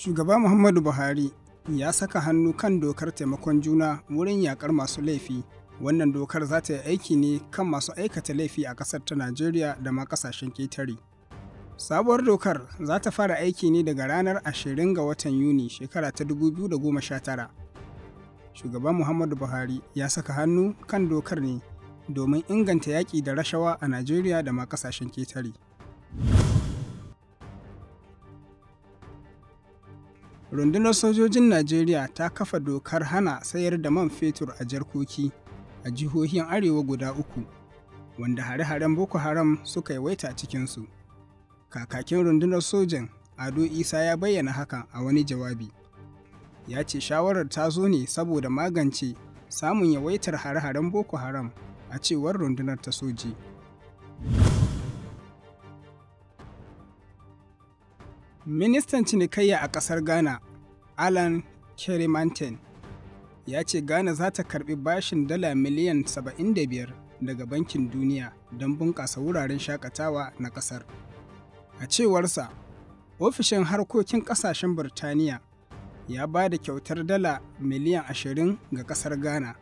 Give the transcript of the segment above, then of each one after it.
shugaba muhammadu buhari ya saka hannu kan dokar taimakon juna wurin yakar masu laifi wannan dokar za ta yi aiki ne kan masu aikata laifi a ƙasar ta najeriya da ma ƙasashen ƙetare sabuwar dokar za ta fara aiki ne daga ranar 20 ga watan yuni shekara ta 2019 shugaba muhammadu buhari ya saka hannu kan dokar ne domin inganta yaƙi da rashawa a najeriya da ma ƙasashen ƙetare rundunar sojojin najeriya ta kafa dokar hana sayar da man fetur a jarkoki a jihohin arewa guda uku wanda hare-haren boko haram suka yawaita cikinsu kakakin rundunar sojan ado isa ya bayyana haka a wani jawabi ya ce shawarar ta zo ne saboda magance samun yawaitar hare-haren boko haram a cewar rundunar ta soji ministan cinikayya a ƙasar ghana Alan Mountain ya ce Ghana za ta karbi bashin dala miliyan 75 daga Bankin Duniya don bunƙasa wuraren shakatawa na ƙasar. A cewarsa, ofishin harkokin ƙasashen Birtaniya ya ba da kyautar dala miliyan 20 ga ƙasar Ghana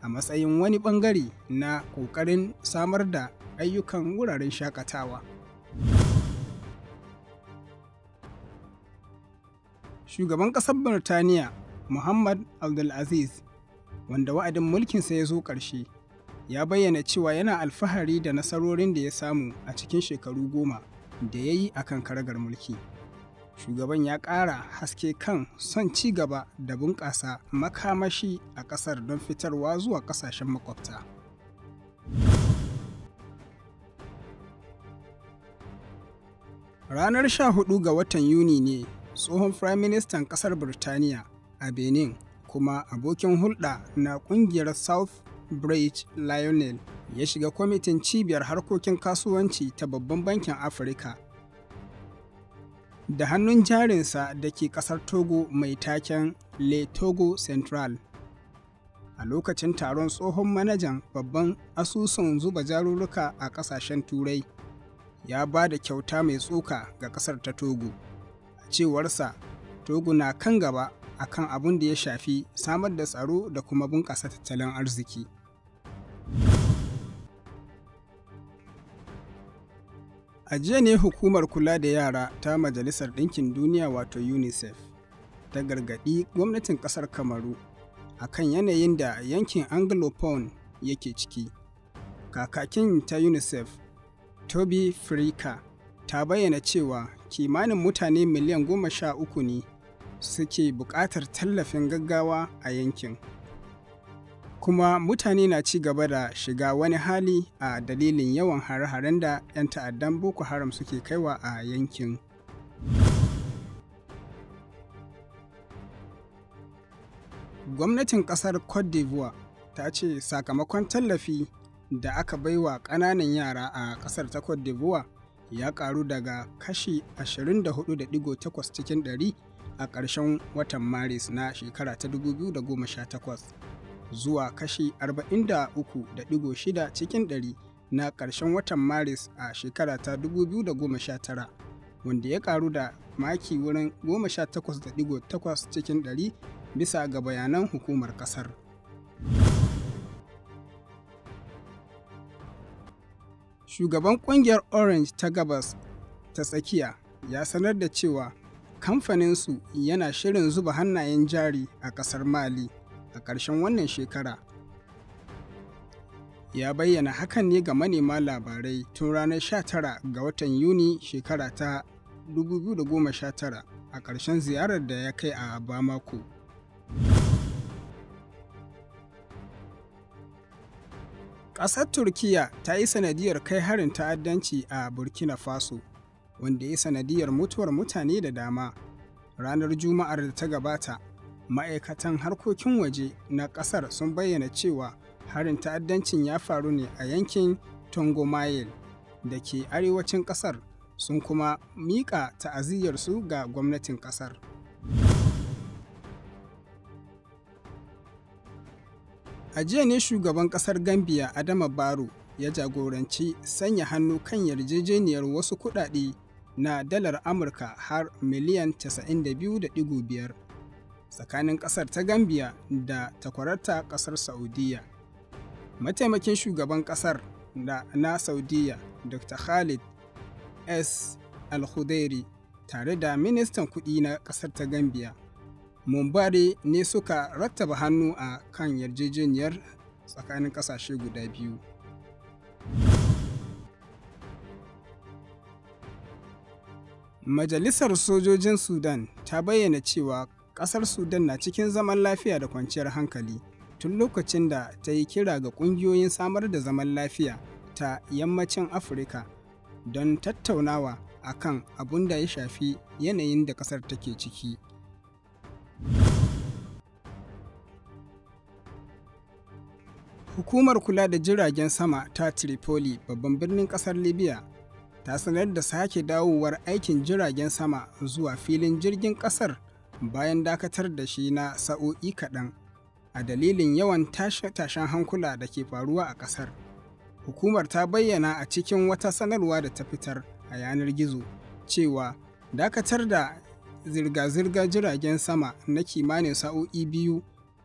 a matsayin wani ɓangare na ƙoƙarin samar da ayyukan wuraren shakatawa. shugaban ƙasar Birtaniya Muhammad Abdulaziz, wanda wa'adin mulkinsa ya zo ƙarshe, ya bayyana cewa yana alfahari da nasarorin da ya samu a cikin shekaru goma da ya yi a kan karagar mulki. Shugaban ya ƙara haske kan son ci gaba da bunƙasa makamashi a ƙasar don fitarwa zuwa ƙasashen makwabta. Ranar 14 ga watan Yuni ne tsohon firaministan ƙasar Birtaniya a Benin kuma abokin hulɗa na ƙungiyar South Bridge Lionel ya shiga kwamitin cibiyar harkokin kasuwanci ta Babban Bankin Afirka. Da hannun jarinsa da ke ƙasar Togo mai taken Le Togo Central. a lokacin taron tsohon manajan babban asusun zuba jarurruka a ƙasashen turai ya ba da kyauta mai tsoka ga ƙasar ta togo cewarsa togo na kan gaba akan abin da ya shafi samar da tsaro da kuma bunƙasa tattalin arziki a jiya ne hukumar kula da yara ta majalisar ɗinkin duniya wato unicef ta gargaɗi gwamnatin ƙasar kamaru a kan yanayin da yankin anglophone yake ciki kakakin ta unicef toby frika ta bayyana cewa kimanin mutane miliyan goma sha uku ne suke buƙatar tallafin gaggawa a yankin. Kuma mutane na ci gaba da shiga wani hali a dalilin yawan hare-haren da 'yan ta'addan Boko Haram suke kaiwa a yankin. Gwamnatin ƙasar Cote d'Ivoire ta ce sakamakon tallafi da aka baiwa ƙananan yara a ƙasar ta Cote d'Ivoire ya karu daga kashi 24.8 cikin 100 a ƙarshen watan maris na shekara ta 2018 zuwa kashi 43.6 cikin 100 na ƙarshen watan maris a shekara ta 2019 wanda ya karu da maki wurin 18.8 cikin 100 bisa ga bayanan hukumar kasar. Shugaban ƙungiyar Orange ta Gabas ta Tsakiya ya sanar da cewa kamfaninsu yana shirin zuba hannayen jari a ƙasar Mali a ƙarshen wannan shekara. Ya bayyana hakan ne ga manema labarai tun ranar 19 ga watan Yuni shekara ta 2019 a ƙarshen ziyarar da ya kai a Bamako. Ƙasar Turkiyya ta yi sanadiyar kai harin ta'addanci a Burkina Faso, wanda ya sanadiyar mutuwar mutane da dama. Ranar Juma'ar da ta gabata, ma'aikatan harkokin waje na ƙasar sun bayyana cewa harin ta'addancin ya faru ne a yankin Tongomayel da ke arewacin ƙasar sun kuma miƙa ta'aziyyarsu ga gwamnatin ƙasar. A jiya ne shugaban ƙasar Gambia Adama baro ya jagoranci sanya hannu kan yarjejeniyar wasu kuɗaɗe na dalar Amurka har miliyan 92.5 tsakanin ƙasar ta Gambia da takwararta ƙasar Saudiya. Mataimakin shugaban ƙasar da na Saudiya Dr. Khalid S. Al-Khudairi tare da ministan kuɗi na ƙasar ta Gambia. Mumbari ne suka rattaba hannu a kan yarjejeniyar tsakanin ƙasashe guda biyu. Majalisar Sojojin Sudan ta bayyana cewa ƙasar Sudan na cikin zaman lafiya da kwanciyar hankali tun lokacin da ta yi kira ga ƙungiyoyin samar da zaman lafiya ta yammacin Afirka don tattaunawa a kan abun da ya shafi yanayin da ƙasar take ciki. Hukumar kula da jiragen sama ta Tripoli babban birnin ƙasar Libya ta sanar da sake dawowar aikin jiragen sama zuwa filin jirgin ƙasar bayan dakatar da shi na sa'o'i kaɗan a dalilin yawan tashe-tashen hankula da ke faruwa a ƙasar. Hukumar ta bayyana a cikin wata sanarwa da ta fitar a yanar gizo cewa dakatar da zirga-zirgar jiragen sama na kimanin sa'o'i biyu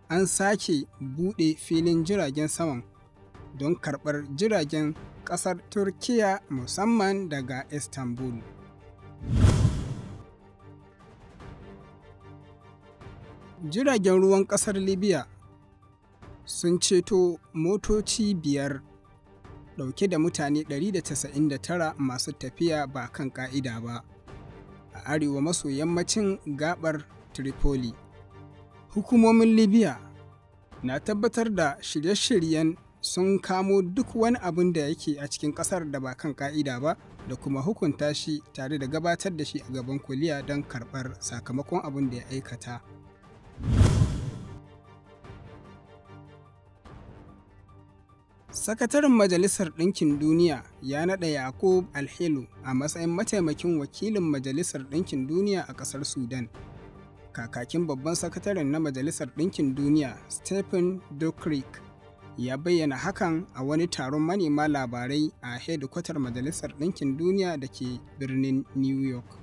an sake buɗe filin jiragen saman don karɓar jiragen ƙasar Turkiya musamman daga Istanbul. Jiragen ruwan ƙasar Libya sun ceto motoci biyar ɗauke da mutane 199 masu tafiya ba kan ƙa'ida ba. a arewa maso yammacin gabar Tripoli. Hukumomin Libya na tabbatar da shirye-shiryen sun kamo duk wani abin da yake a cikin ƙasar da ba kan ƙa'ida ba da kuma hukunta shi tare da gabatar da shi a gaban kuliya don karɓar sakamakon abin da ya aikata. Sakataren Majalisar Ɗinkin Duniya ya naɗa Yakub Alhelu a matsayin mataimakin wakilin Majalisar Ɗinkin Duniya a ƙasar Sudan. Kakakin babban sakataren na Majalisar Ɗinkin Duniya, Stephen Duckreek, ya bayyana hakan a wani taron manema labarai a hedikwatar Majalisar Ɗinkin Duniya da ke birnin New York.